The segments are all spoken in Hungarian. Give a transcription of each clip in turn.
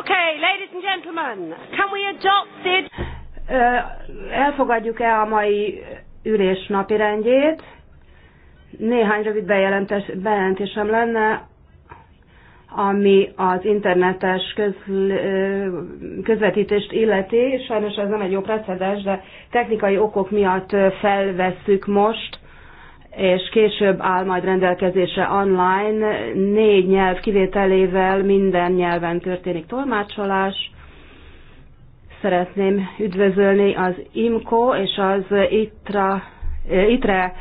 Okay. ladies and gentlemen, can we adopt it? Elfogadjuk el a mai ülés rendjét? Néhány rövid bejelentés, bejelentésem lenne, ami az internetes közl, közvetítést illeti. Sajnos ez nem egy jó precedens, de technikai okok miatt felvesszük most és később áll majd rendelkezésre online, négy nyelv kivételével minden nyelven történik tolmácsolás. Szeretném üdvözölni az IMCO és az ITRA, ITRE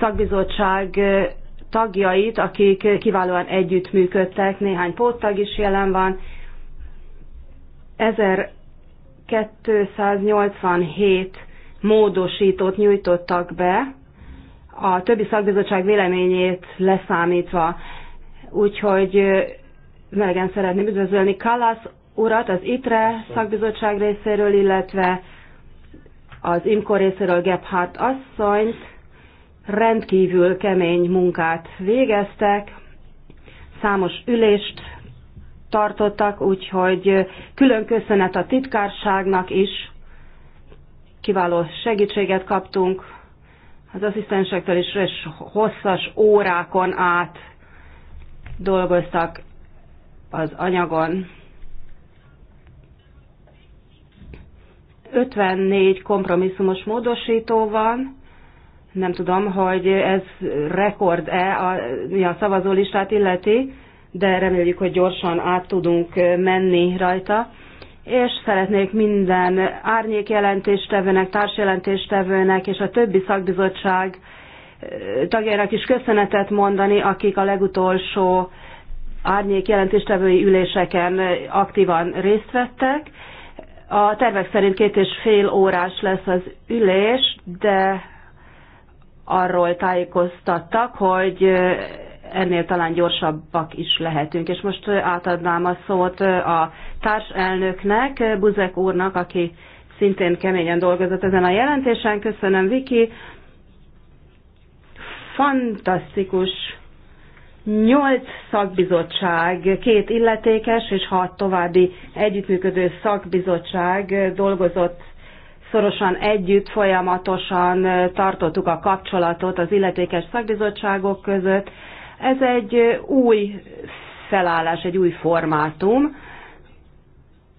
szakbizottság tagjait, akik kiválóan együttműködtek, néhány póttag is jelen van. 1287 módosítót nyújtottak be, a többi szakbizottság véleményét leszámítva. Úgyhogy melegen szeretném üdvözölni Kallász urat az ITRE szakbizottság részéről, illetve az IMKO részéről Gebhardt asszonyt. Rendkívül kemény munkát végeztek, számos ülést tartottak, úgyhogy külön köszönet a titkárságnak is. Kiváló segítséget kaptunk az asszisztensektől is, és hosszas órákon át dolgoztak az anyagon. 54 kompromisszumos módosító van, nem tudom, hogy ez rekord-e, mi a szavazólistát illeti, de reméljük, hogy gyorsan át tudunk menni rajta és szeretnék minden árnyék jelentéstevőnek, társjelentéstevőnek és a többi szakbizottság tagjának is köszönetet mondani, akik a legutolsó árnyék jelentéstevői üléseken aktívan részt vettek. A tervek szerint két és fél órás lesz az ülés, de arról tájékoztattak, hogy ennél talán gyorsabbak is lehetünk. És most átadnám a szót a társelnöknek, Buzek úrnak, aki szintén keményen dolgozott ezen a jelentésen. Köszönöm, Viki. Fantasztikus nyolc szakbizottság, két illetékes és hat további együttműködő szakbizottság dolgozott szorosan együtt, folyamatosan tartottuk a kapcsolatot az illetékes szakbizottságok között, ez egy új felállás, egy új formátum,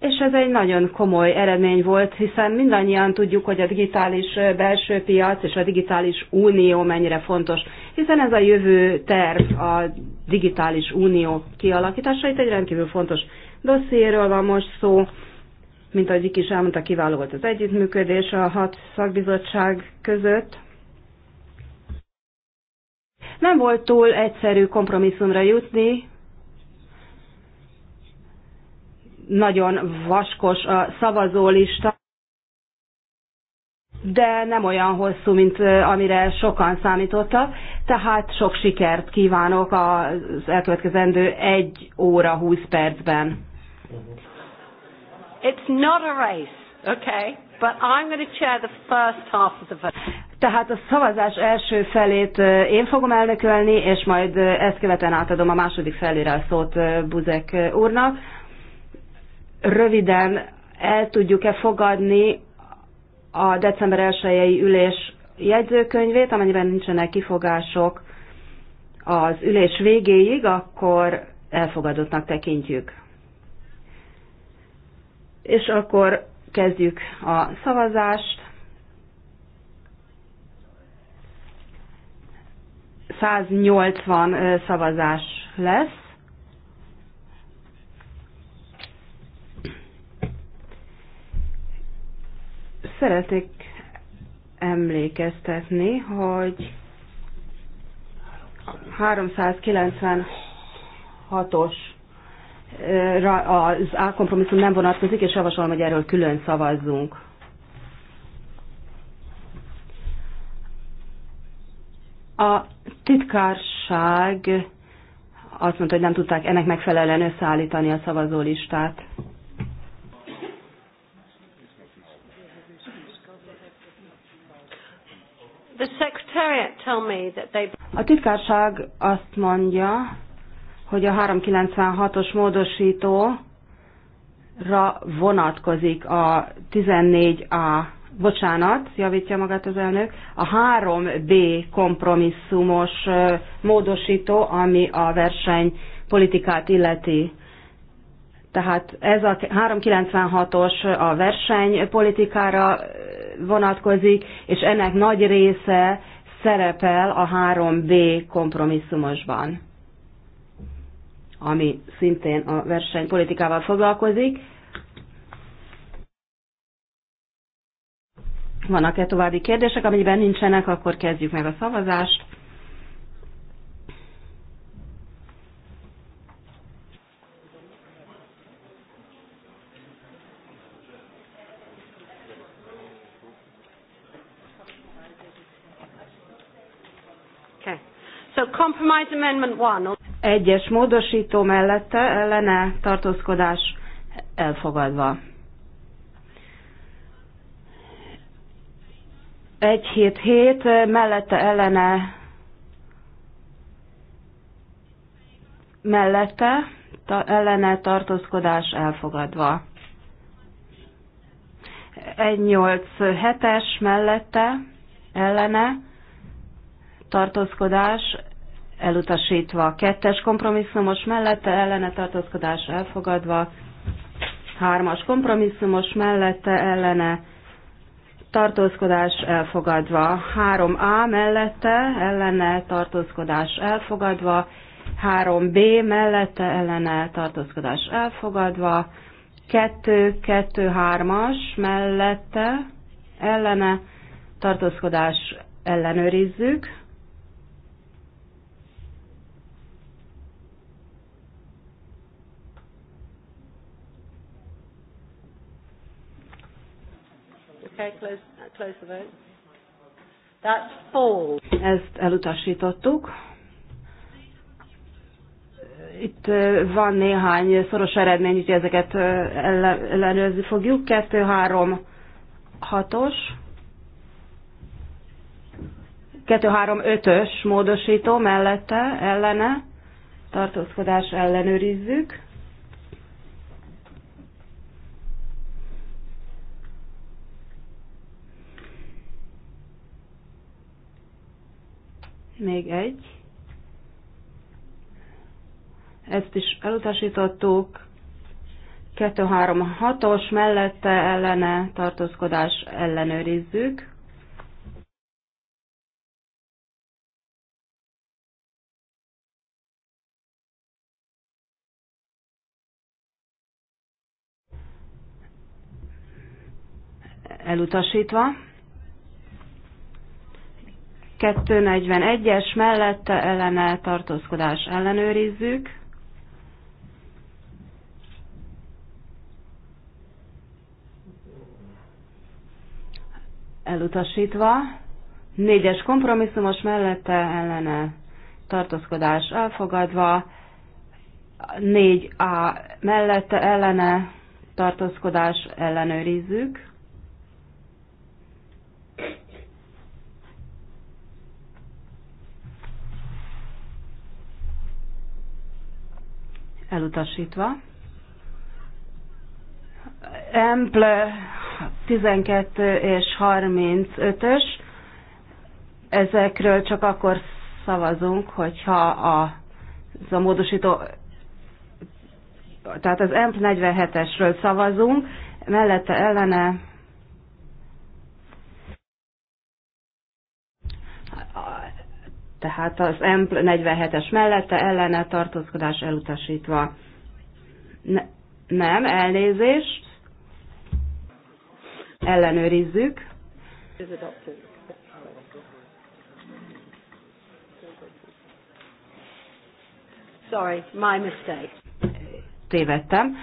és ez egy nagyon komoly eredmény volt, hiszen mindannyian tudjuk, hogy a digitális belső piac és a digitális unió mennyire fontos, hiszen ez a jövő terv a digitális unió kialakítása. Itt egy rendkívül fontos dossziéről van most szó. Mint ahogy is elmondta, kiváló volt az együttműködés a hat szakbizottság között. Nem volt túl egyszerű kompromisszumra jutni, nagyon vaskos a szavazólista, de nem olyan hosszú, mint amire sokan számítottak, tehát sok sikert kívánok az elkövetkezendő 1 óra 20 percben. It's not a race, okay? But I'm going to chair the first half of the vote. Tehát a szavazás első felét én fogom elnökölni, és majd ezt követően átadom a második felére a szót Buzek úrnak. Röviden el tudjuk-e fogadni a december 1 ülés jegyzőkönyvét, amennyiben nincsenek kifogások az ülés végéig, akkor elfogadottnak tekintjük. És akkor kezdjük a szavazást. 180 szavazás lesz. Szeretnék emlékeztetni, hogy 396-os az A kompromisszum nem vonatkozik, és javasolom, hogy erről külön szavazzunk. A titkárság azt mondta, hogy nem tudták ennek megfelelően összeállítani a szavazólistát. A titkárság azt mondja, hogy a 396-os módosítóra vonatkozik a 14A, bocsánat, javítja magát az elnök, a 3B kompromisszumos módosító, ami a versenypolitikát illeti. Tehát ez a 396-os a versenypolitikára vonatkozik, és ennek nagy része szerepel a 3B kompromisszumosban ami szintén a versenypolitikával foglalkozik. Vannak-e további kérdések, amiben nincsenek, akkor kezdjük meg a szavazást. Okay. So compromise amendment one. Egyes módosító mellette ellene tartózkodás elfogadva. hét mellette ellene mellette ta, ellene tartózkodás elfogadva. nyolc hetes mellette ellene tartózkodás elutasítva, kettes kompromisszumos mellette ellene tartózkodás elfogadva, hármas kompromisszumos mellette ellene tartózkodás elfogadva, 3A mellette ellene tartózkodás elfogadva, 3B mellette ellene tartózkodás elfogadva, 2-2-3-as mellette ellene tartózkodás ellenőrizzük, Okay, close, close the vote. That's four. Ezt elutasítottuk. Itt van néhány szoros eredmény, úgyhogy ezeket ellenőrizni fogjuk. Kettő, három, hatos. Kettő, három, ötös módosító mellette, ellene. Tartózkodás ellenőrizzük. Még egy. Ezt is elutasítottuk. 2-3-6-os mellette ellene tartózkodás ellenőrizzük. Elutasítva. 241-es mellette ellene tartózkodás ellenőrizzük. Elutasítva. 4-es kompromisszumos mellette ellene tartózkodás elfogadva. 4A mellette ellene tartózkodás ellenőrizzük. elutasítva. Emple 12 és 35-ös, ezekről csak akkor szavazunk, hogyha a, az a módosító, tehát az EMP 47-esről szavazunk, mellette ellene tehát az EMP 47-es mellette ellene tartózkodás elutasítva. Ne, nem, elnézést. Ellenőrizzük. Sorry, my mistake. Tévedtem.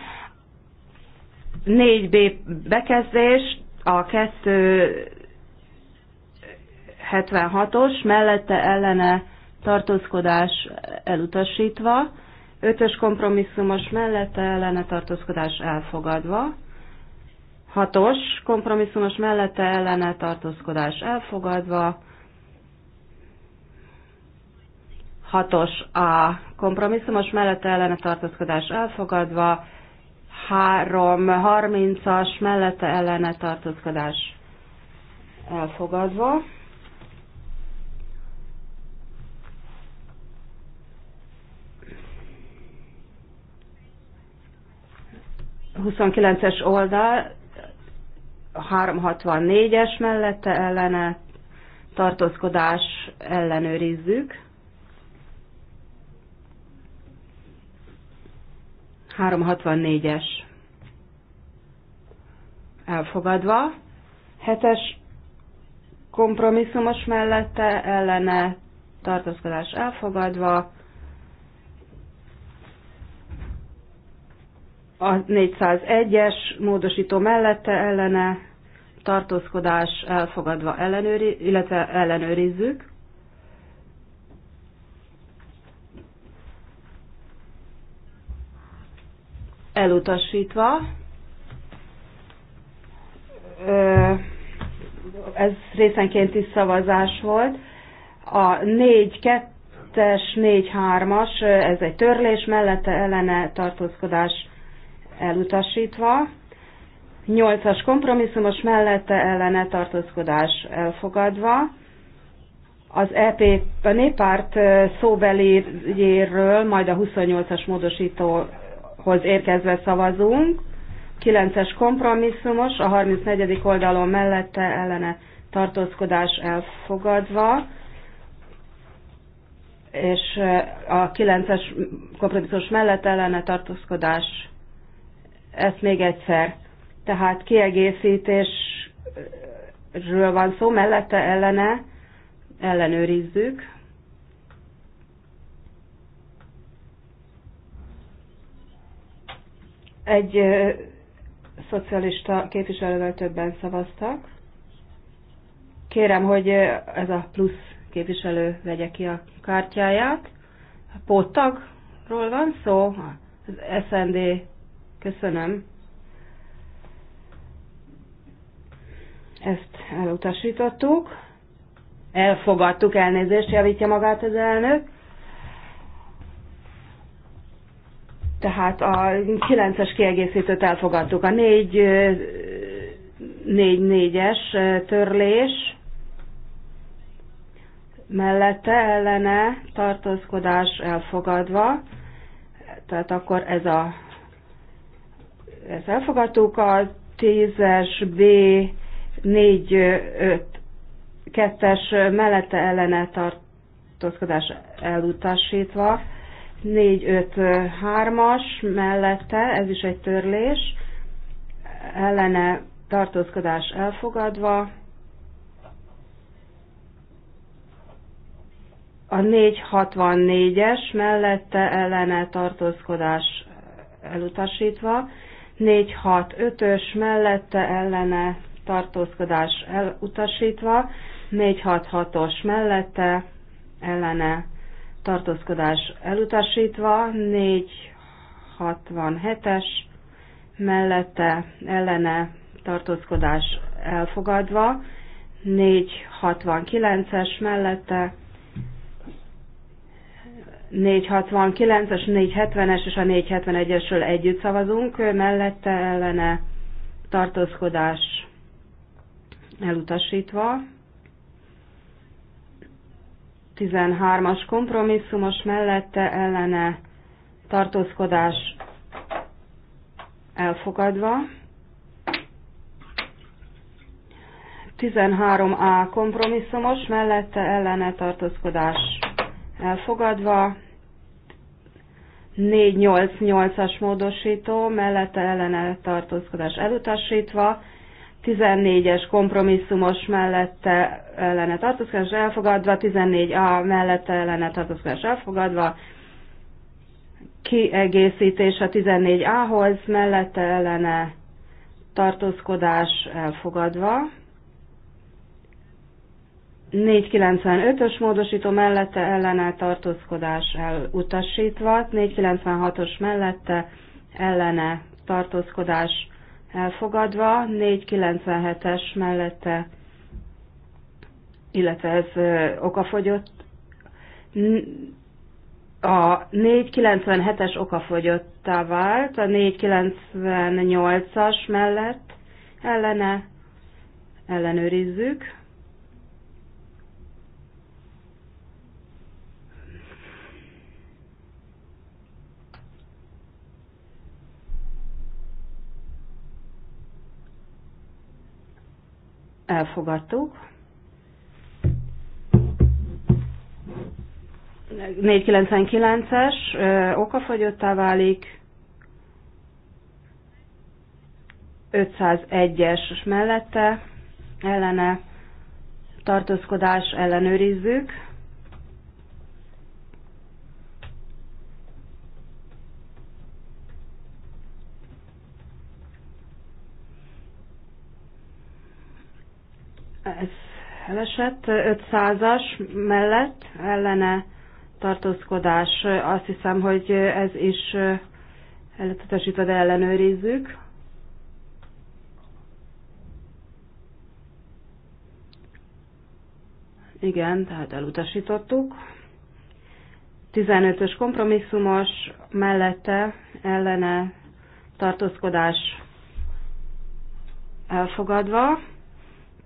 4B bekezdés, a kettő 76-os, mellette ellene tartózkodás elutasítva, 5-ös kompromisszumos mellette ellene tartózkodás elfogadva, 6-os kompromisszumos mellette ellene tartózkodás elfogadva, 6-os a kompromisszumos mellette ellene tartózkodás elfogadva, 3 30-as mellette ellene tartózkodás elfogadva. 29-es oldal, 364-es mellette ellene tartózkodás ellenőrizzük. 364-es elfogadva, 7-es kompromisszumos mellette ellene tartózkodás elfogadva, a 401-es módosító mellette ellene tartózkodás elfogadva ellenőri, illetve ellenőrizzük. Elutasítva. Ez is szavazás volt. A 4-2-es, 4-3-as, ez egy törlés mellette ellene tartózkodás elutasítva, Nyolcas kompromisszumos mellette ellene tartózkodás elfogadva, az EP, a néppárt szóbeliéről majd a 28-as módosítóhoz érkezve szavazunk, 9-es kompromisszumos, a 34. oldalon mellette ellene tartózkodás elfogadva, és a 9-es kompromisszumos mellette ellene tartózkodás ezt még egyszer. Tehát kiegészítésről van szó, mellette ellene ellenőrizzük. Egy szocialista képviselővel többen szavaztak. Kérem, hogy ez a plusz képviselő vegye ki a kártyáját. póttagról van szó, az SND Köszönöm. Ezt elutasítottuk. Elfogadtuk, elnézést javítja magát az elnök. Tehát a 9-es kiegészítőt elfogadtuk. A 4 4 es törlés mellette ellene tartózkodás elfogadva, tehát akkor ez a ezt elfogadtuk, a 10-es B 4 5 kettes mellette ellene tartózkodás elutasítva, 4-5-3-as mellette, ez is egy törlés, ellene tartózkodás elfogadva, a 464-es mellette ellene tartózkodás elutasítva, 465-ös mellette ellene tartózkodás elutasítva, 466-os mellette ellene tartózkodás elutasítva, 467-es mellette ellene tartózkodás elfogadva, 469-es mellette 469-es, 470-es és a 471-esről együtt szavazunk, mellette ellene tartózkodás elutasítva. 13-as kompromisszumos mellette ellene tartózkodás elfogadva. 13A kompromisszumos mellette ellene tartózkodás elfogadva, 488-as módosító, mellette ellene tartózkodás elutasítva, 14-es kompromisszumos mellette ellene tartózkodás elfogadva, 14A mellette ellene tartózkodás elfogadva, kiegészítés a 14 ához mellette ellene tartózkodás elfogadva, 495-ös módosító mellette ellene tartózkodás elutasítva, 496-os mellette ellene tartózkodás elfogadva, 497-es mellette, illetve ez okafogyott, a 497-es okafogyottá vált, a 498-as mellett ellene ellenőrizzük. elfogadtuk. 499-es okafogyottá válik, 501-es mellette ellene tartózkodás ellenőrizzük. esett, 500-as mellett ellene tartózkodás. Azt hiszem, hogy ez is elutasítva, de ellenőrizzük. Igen, tehát elutasítottuk. 15-ös kompromisszumos, mellette ellene tartózkodás elfogadva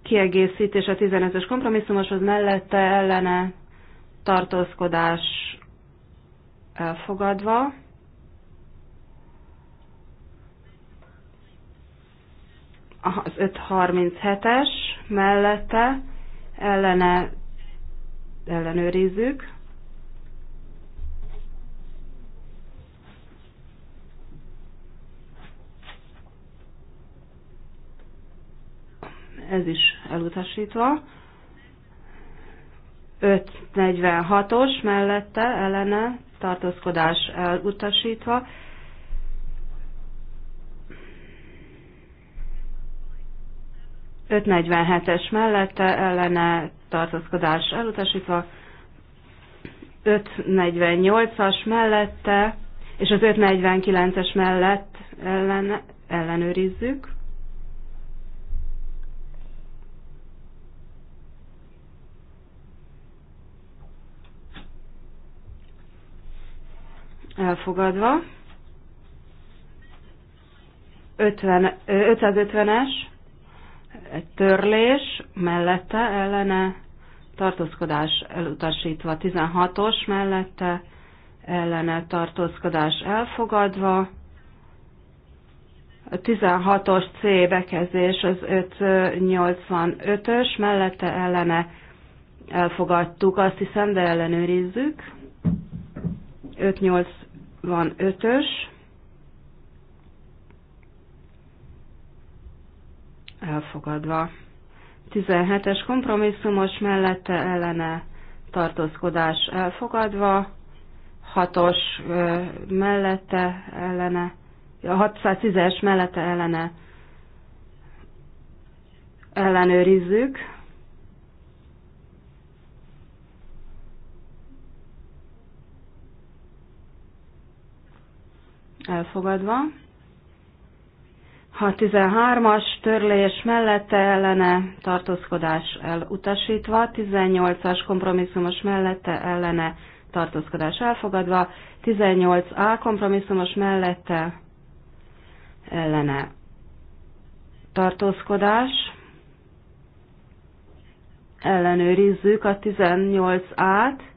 kiegészítés a 15-ös kompromisszumoshoz mellette ellene tartózkodás elfogadva. Az 537-es mellette ellene ellenőrizzük. ez is elutasítva. 546-os mellette ellene tartózkodás elutasítva. ...547-es mellette ellene tartózkodás elutasítva, 548-as mellette és az 549-es mellett ellen, ellenőrizzük. elfogadva. 50, 550-es törlés mellette ellene tartózkodás elutasítva, 16-os mellette ellene tartózkodás elfogadva, 16-os C bekezdés az 585-ös, mellette ellene elfogadtuk, azt hiszem, de ellenőrizzük van ötös, elfogadva. 17-es kompromisszumos mellette ellene tartózkodás elfogadva, 6-os mellette ellene, a 610-es szóval mellette ellene ellenőrizzük. elfogadva. 13 as törlés mellette ellene tartózkodás elutasítva, 18-as kompromisszumos mellette ellene tartózkodás elfogadva, 18A kompromisszumos mellette ellene tartózkodás. Ellenőrizzük a 18-át.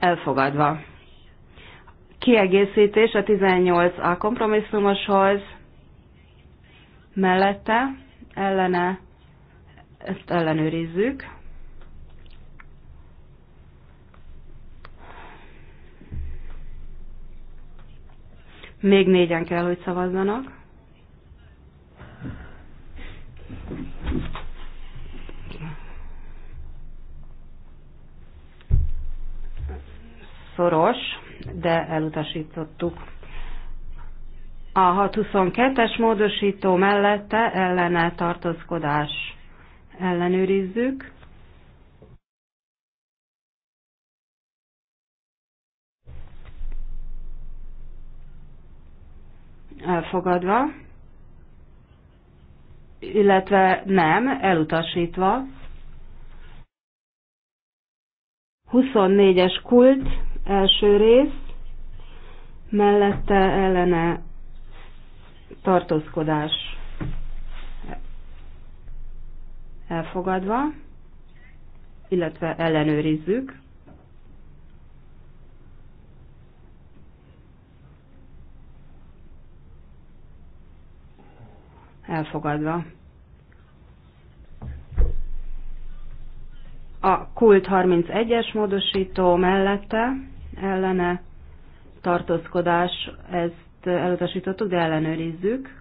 elfogadva. Kiegészítés a 18 a kompromisszumoshoz mellette, ellene, ezt ellenőrizzük. Még négyen kell, hogy szavazzanak. szoros, de elutasítottuk. A 622-es módosító mellette ellene tartózkodás ellenőrizzük. Elfogadva, illetve nem, elutasítva. 24-es kult Első rész, mellette ellene tartózkodás elfogadva, illetve ellenőrizzük. Elfogadva. A kult 31-es módosító mellette ellene tartózkodás, ezt elutasítottuk, de ellenőrizzük.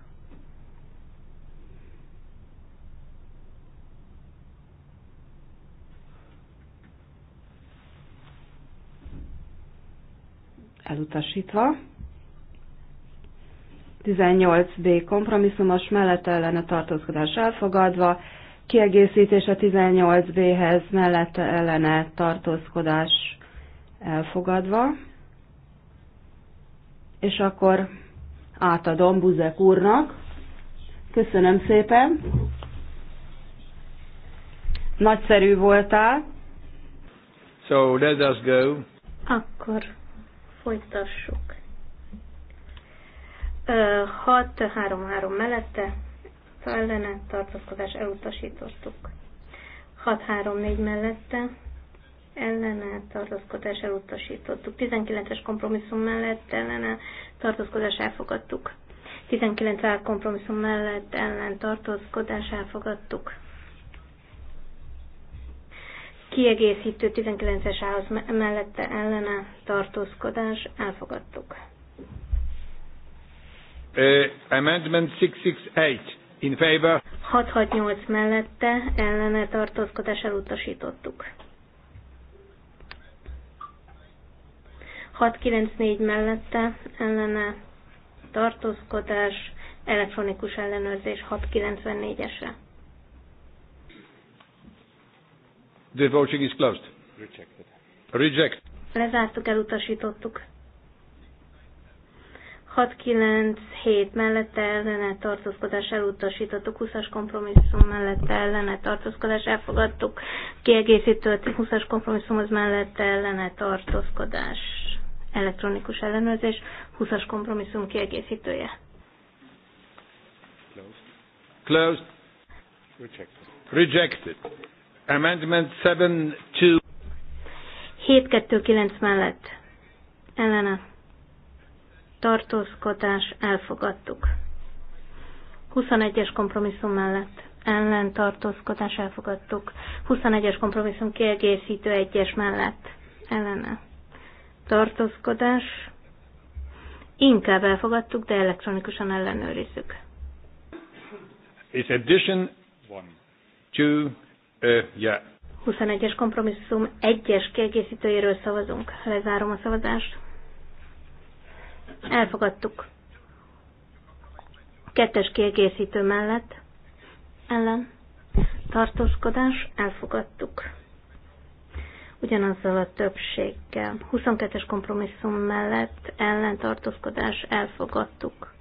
Elutasítva. 18b kompromisszumos mellett ellene tartózkodás elfogadva, kiegészítés a 18b-hez mellette ellene tartózkodás elfogadva. És akkor átadom Buzek úrnak. Köszönöm szépen. Nagyszerű voltál. So let us go. Akkor folytassuk. 6-3-3 mellette ellene tartózkodás elutasítottuk. 6-3-4 mellette ellene tartózkodás elutasítottuk. 19-es kompromisszum mellett ellene tartózkodás elfogadtuk. 19 es kompromisszum mellett ellen tartózkodás elfogadtuk. Kiegészítő 19-es ához mellette ellene tartózkodás elfogadtuk. Uh, amendment 668 in favor. 668 mellette ellene tartózkodás elutasítottuk. 694 mellette ellene tartózkodás, elektronikus ellenőrzés 694-esre. The voting is closed. Rejected. Reject. Lezártuk, elutasítottuk. 697 mellette ellene tartózkodás elutasítottuk, 20-as kompromisszum mellette ellene tartózkodás elfogadtuk, kiegészítő 20-as kompromisszumhoz mellette ellene tartózkodás elektronikus ellenőrzés, 20-as kompromisszum kiegészítője. Closed. Rejected. Rejected. Amendment 7-2. 729 mellett ellene tartózkodás elfogadtuk. 21-es kompromisszum mellett ellen tartózkodás elfogadtuk. 21-es kompromisszum kiegészítő egyes mellett ellene tartózkodás, inkább elfogadtuk, de elektronikusan ellenőrizzük. It's addition one, two, uh, yeah. 21-es kompromisszum egyes kiegészítőjéről szavazunk. Lezárom a szavazást. Elfogadtuk. Kettes kiegészítő mellett ellen tartózkodás elfogadtuk ugyanazzal a többséggel. 22-es kompromisszum mellett ellentartózkodás elfogadtuk.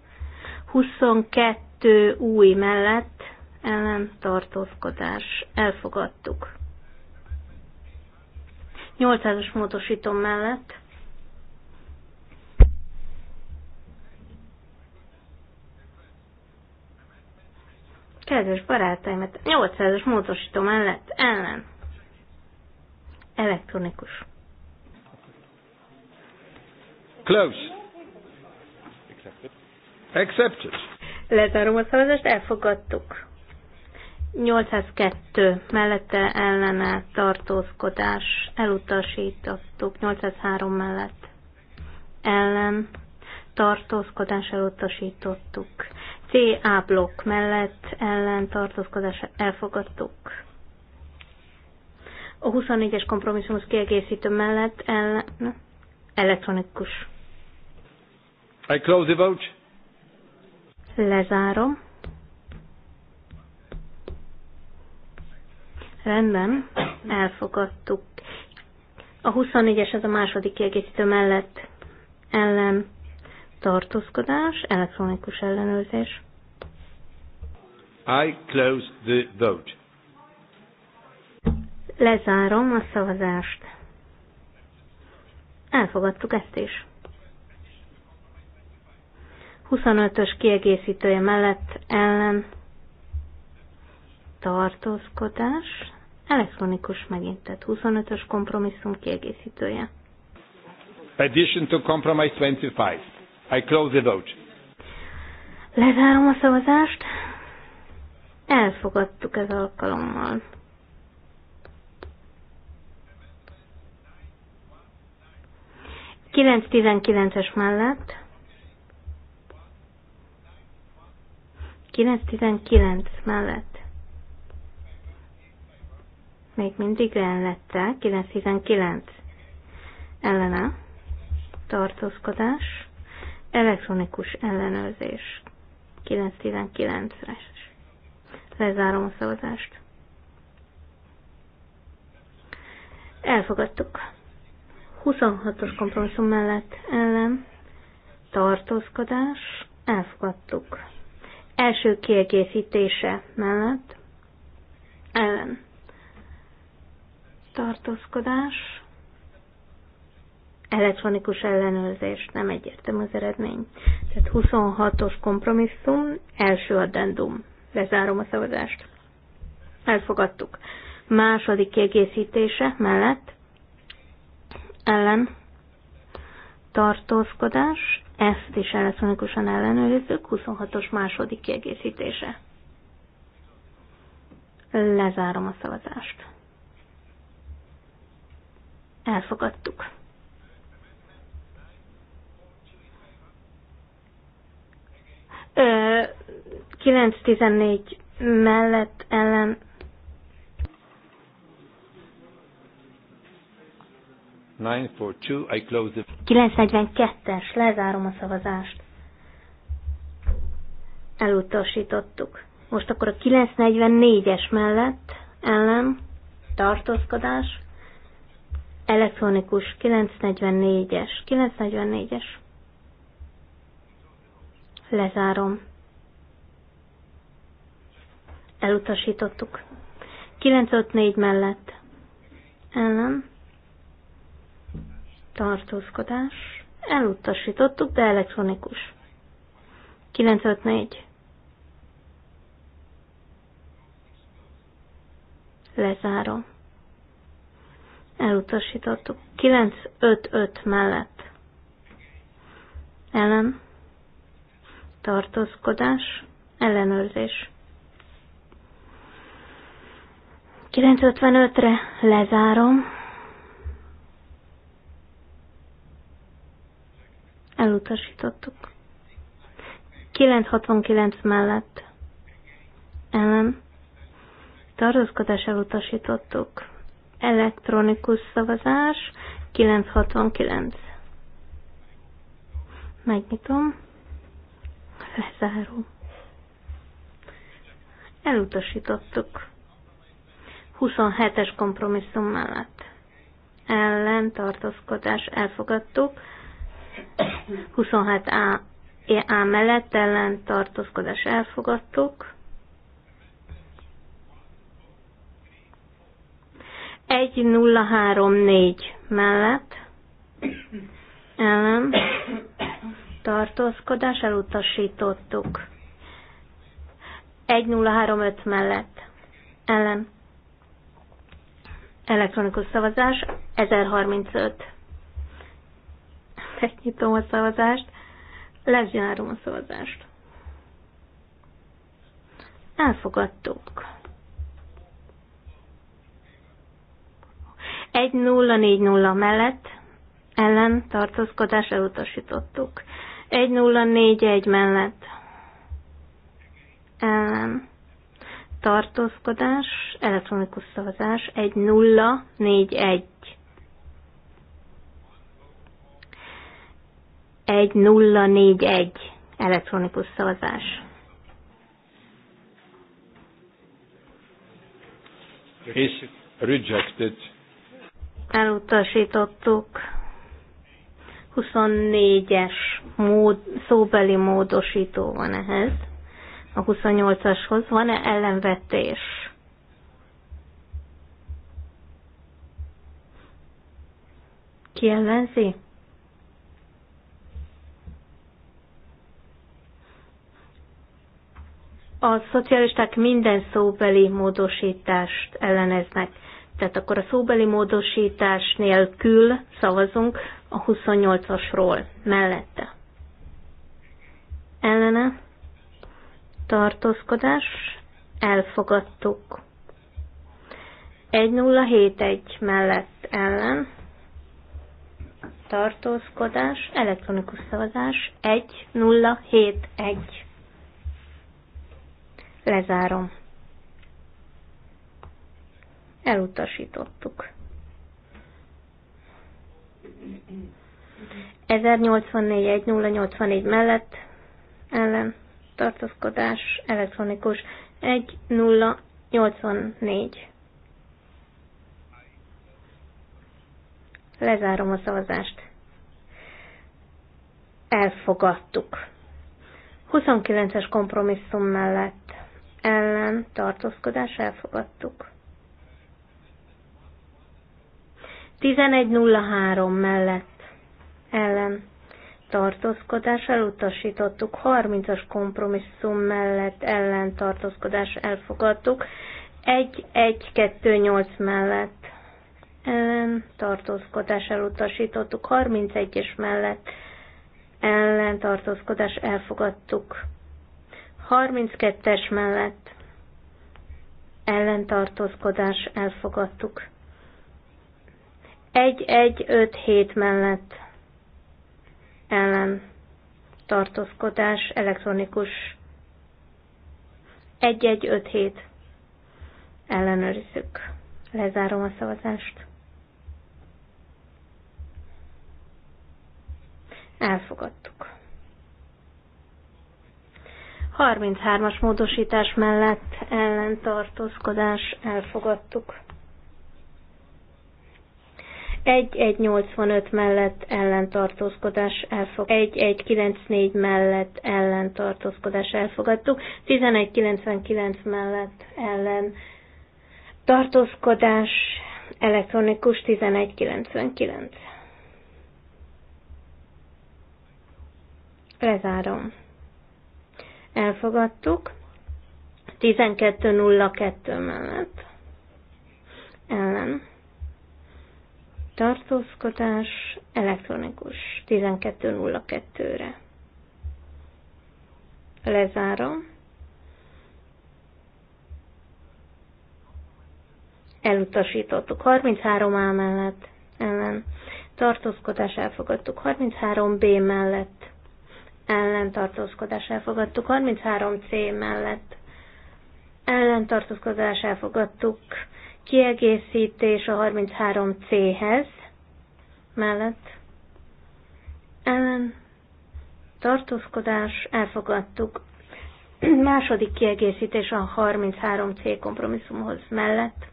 22 új mellett ellentartózkodás elfogadtuk. 800-as módosító mellett Kedves barátaim, 800-as módosító mellett ellen elektronikus. Close. Accepted. Lezárom a szavazást, elfogadtuk. 802 mellette ellene tartózkodás elutasítottuk, 803 mellett ellen tartózkodás elutasítottuk. CA blokk mellett ellen tartózkodás elfogadtuk. A 24-es kompromisszumhoz kiegészítő mellett el, elektronikus. I close the vote. Lezárom. Rendben, elfogadtuk. A 24-es ez a második kiegészítő mellett ellen tartózkodás, elektronikus ellenőrzés. I close the vote. Lezárom a szavazást. Elfogadtuk ezt is. 25-ös kiegészítője mellett ellen tartózkodás, elektronikus megint, tehát 25-ös kompromisszum kiegészítője. Addition to compromise 25. I close the vote. Lezárom a szavazást. Elfogadtuk ez alkalommal. 919-es mellett 919 mellett még mindig lette 919 ellene tartózkodás elektronikus ellenőrzés 919-es lezárom a szavazást elfogadtuk 26-os kompromisszum mellett ellen tartózkodás elfogadtuk. Első kiegészítése mellett ellen tartózkodás elektronikus ellenőrzés, nem egyértelmű az eredmény. Tehát 26-os kompromisszum, első addendum. Lezárom a szavazást. Elfogadtuk. Második kiegészítése mellett ellen tartózkodás, ezt is elektronikusan ellenőrizzük, 26-os második kiegészítése. Lezárom a szavazást. Elfogadtuk. Ö, 9-14 mellett ellen 942, I es lezárom a szavazást. Elutasítottuk. Most akkor a 944-es mellett ellen tartózkodás, elektronikus 944-es, 944-es. Lezárom. Elutasítottuk. 954 mellett ellen tartózkodás, elutasítottuk, de elektronikus. 954. Lezárom. Elutasítottuk. 955 mellett. Ellen. Tartózkodás. Ellenőrzés. 955-re lezárom elutasítottuk. 969 mellett ellen tartózkodás elutasítottuk. Elektronikus szavazás 969. Megnyitom. Lezárom. Elutasítottuk. 27-es kompromisszum mellett. Ellen tartózkodás elfogadtuk. 27A A mellett ellen tartózkodás elfogadtuk. Egy nulla három négy mellett ellen tartózkodás elutasítottuk. 1035 mellett ellen elektronikus szavazás 1035 megnyitom a szavazást, lezárom a szavazást. Elfogadtuk. 1-0-4-0 mellett ellen tartózkodás elutasítottuk. 1-0-4-1 mellett ellen tartózkodás, elektronikus szavazás, 1-0-4-1. 1041 elektronikus szavazás. Is rejected. Elutasítottuk. 24-es mód, szóbeli módosító van ehhez. A 28-ashoz van-e ellenvetés? Ki ellenzi? a szocialisták minden szóbeli módosítást elleneznek. Tehát akkor a szóbeli módosítás nélkül szavazunk a 28-asról mellette. Ellene tartózkodás elfogadtuk. 1071 mellett ellen tartózkodás, elektronikus szavazás 1071. Lezárom. Elutasítottuk. 1084-1084 mellett ellen tartózkodás elektronikus 1084. Lezárom a szavazást. Elfogadtuk. 29-es kompromisszum mellett ellen tartózkodás elfogadtuk. 11.03 mellett ellen tartózkodás elutasítottuk, 30-as kompromisszum mellett ellen tartózkodás elfogadtuk, 1.1.2.8 mellett ellen tartózkodás elutasítottuk, 31-es mellett ellen tartózkodás elfogadtuk. 32-es mellett ellentartózkodás elfogadtuk. 1157 mellett ellen 1 elektronikus 1157 ellenőrizzük. Lezárom a szavazást. Elfogadtuk. 33-as módosítás mellett ellentartózkodás elfogadtuk. 1185 mellett ellentartózkodás elfogadtuk. 1194 mellett ellentartózkodás elfogadtuk. 1199 mellett ellen tartózkodás elektronikus 1199. Lezárom elfogadtuk. 12.02 mellett ellen tartózkodás elektronikus 12.02-re. Lezárom. Elutasítottuk 33 A mellett ellen. Tartózkodás elfogadtuk 33 B mellett ellentartózkodás elfogadtuk, 33C mellett ellentartózkodás elfogadtuk, kiegészítés a 33C-hez mellett ellen elfogadtuk, második kiegészítés a 33C kompromisszumhoz mellett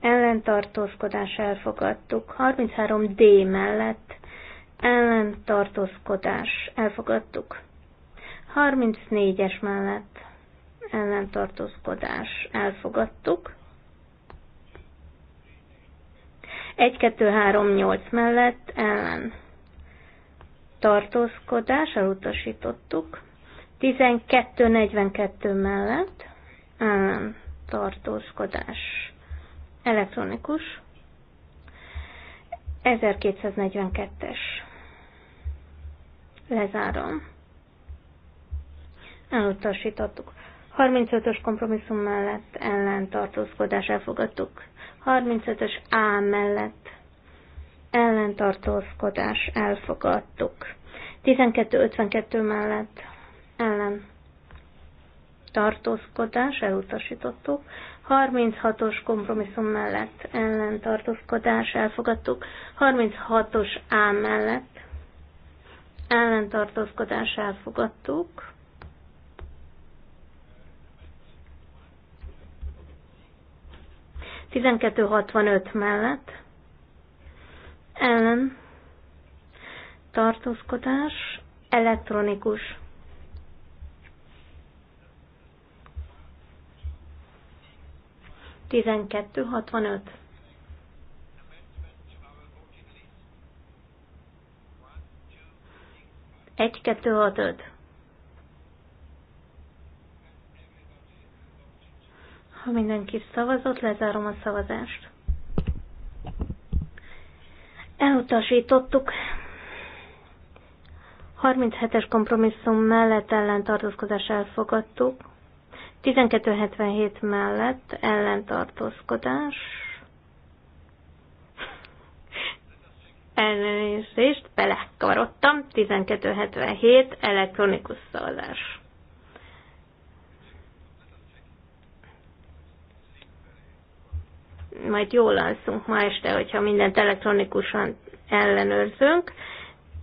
ellentartózkodás elfogadtuk, 33D mellett ellentartózkodás, elfogadtuk. 34-es mellett ellentartózkodás, elfogadtuk. 1-2-3-8 mellett ellen tartózkodás, elutasítottuk. 12-42 mellett ellen tartózkodás, elektronikus. 1242-es. Lezárom. Elutasítottuk. 35-ös kompromisszum mellett ellentartózkodás elfogadtuk. 35-ös A mellett ellentartózkodás elfogadtuk. 12.52 mellett ellen tartózkodás elutasítottuk. 36-os kompromisszum mellett ellentartózkodás elfogadtuk. 36-os A mellett ellentartózkodás elfogadtuk. Tizenkettő hatvanöt mellett ellen tartózkodás elektronikus. Tizenkettő hatvanöt. Egy, kettő, hat, öt. Ha mindenki szavazott, lezárom a szavazást. Elutasítottuk. 37-es kompromisszum mellett ellentartózkodás elfogadtuk. 1277 mellett ellentartózkodás ellenőrzést belekavarodtam, 1277 elektronikus szavazás. Majd jól alszunk ma este, hogyha mindent elektronikusan ellenőrzünk.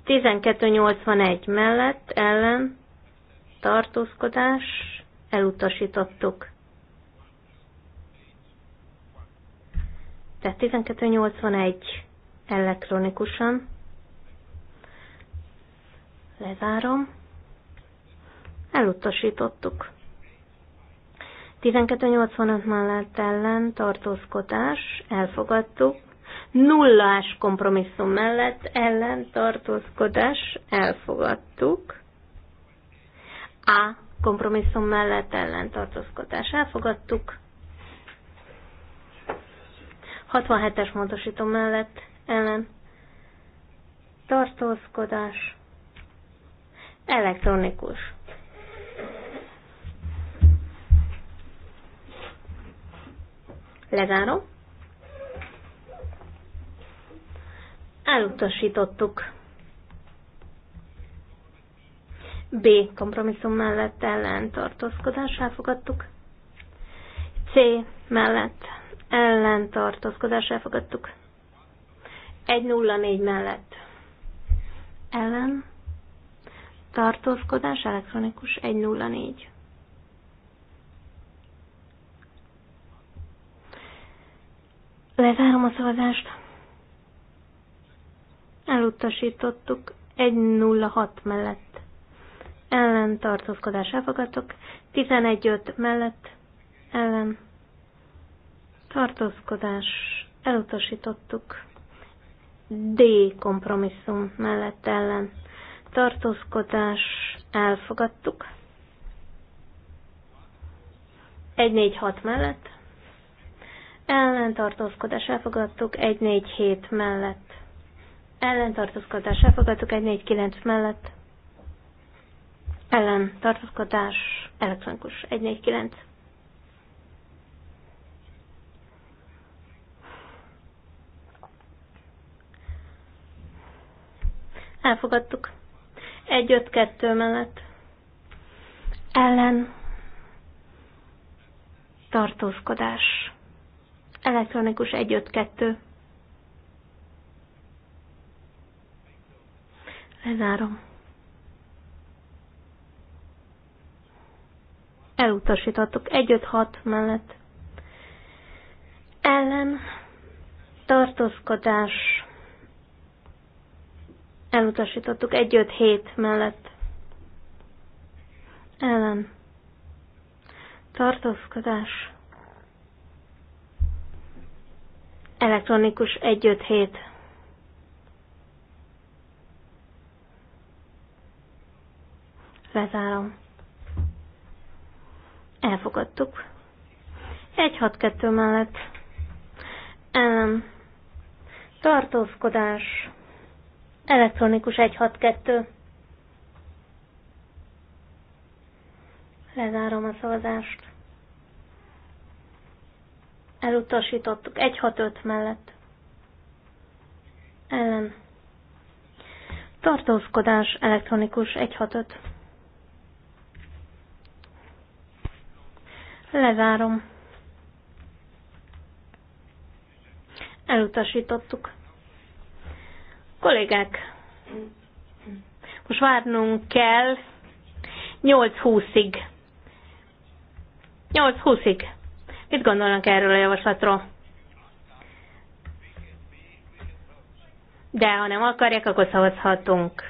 1281 mellett ellen tartózkodás elutasítottuk. Tehát 1281 elektronikusan. Lezárom. Elutasítottuk. 12.85 mellett ellen tartózkodás, elfogadtuk. Nullás kompromisszum mellett ellen tartózkodás, elfogadtuk. A kompromisszum mellett ellen tartózkodás, elfogadtuk. 67-es módosító mellett ellen tartózkodás elektronikus. Lezárom. Elutasítottuk. B. Kompromisszum mellett ellen tartózkodás elfogadtuk. C. Mellett ellen tartózkodás elfogadtuk. 104 mellett. Ellen. Tartózkodás elektronikus 104. Lezárom a szavazást. Elutasítottuk 106 mellett. Ellen tartózkodás elfogadtok. 11 mellett. Ellen tartózkodás elutasítottuk. D kompromisszum mellett ellen tartózkodás elfogadtuk. 146 mellett ellentartózkodás elfogadtuk, 147 mellett ellentartózkodás elfogadtuk, 149 mellett ellentartózkodás elektronikus 149 Elfogadtuk. Egy öt kettő mellett. Ellen. Tartózkodás. Elektronikus egy öt kettő. Lezárom. Elutasítottuk Egy öt hat mellett. Ellen tartózkodás Elutasítottuk 1-5-7 mellett. Ellen. Tartózkodás. Elektronikus 1-5-7. Lezárom. Elfogadtuk. 1-6-2 mellett. Ellen. Tartózkodás Elektronikus 162. Lezárom a szavazást. Elutasítottuk 165 mellett. Ellen. Tartózkodás elektronikus 165. Lezárom. Elutasítottuk. Kollégák, most várnunk kell 8-20-ig. 8-20-ig. Mit gondolnak erről a javaslatról? De ha nem akarják, akkor szavazhatunk.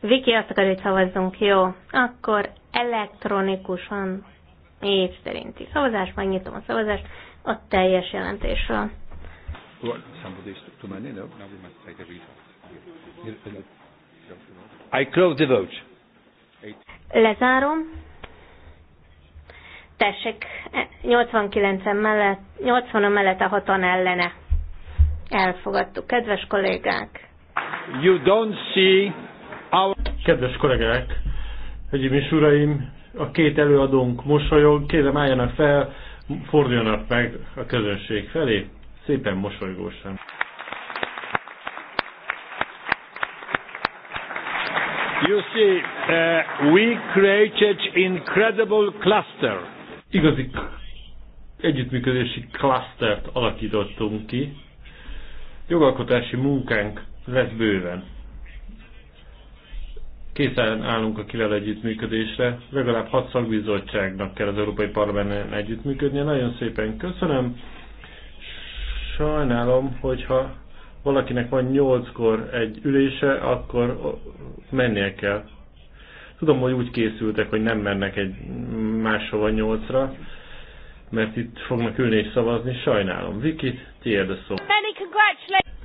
Viki azt akar, hogy szavazzunk, jó? Akkor elektronikusan név szerinti szavazás, megnyitom a szavazást a teljes jelentésről. Well, too many, no? Now we must take a I close the vote. Lezárom. Tessék, 89 mellett, 80 mellett a hatan ellene. Elfogadtuk, kedves kollégák. You don't see our... Kedves kollégák, hölgyeim és uraim, a két előadónk mosolyog, kérem álljanak fel, forduljanak meg a közönség felé szépen mosolygósan. You see, uh, we created incredible cluster. Igazi együttműködési klasztert alakítottunk ki. Jogalkotási munkánk lesz bőven. Készen állunk a kivel együttműködésre. Legalább hat szakbizottságnak kell az Európai Parlamenten együttműködnie. Nagyon szépen köszönöm. Sajnálom, hogyha valakinek van nyolckor egy ülése, akkor mennie kell. Tudom, hogy úgy készültek, hogy nem mennek egy máshova nyolcra, mert itt fognak ülni és szavazni. Sajnálom. Viki, tiéd a szó.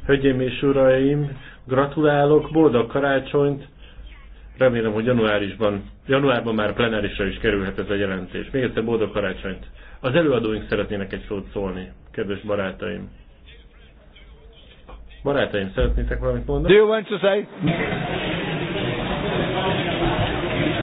Hölgyeim és uraim, gratulálok, boldog karácsonyt! Remélem, hogy januárisban, januárban már plenárisra is kerülhet ez a jelentés. Még egyszer boldog karácsonyt! Az előadóink szeretnének egy szót szólni, kedves barátaim. Barátaim, szeretnétek valamit mondani? Do you want to say?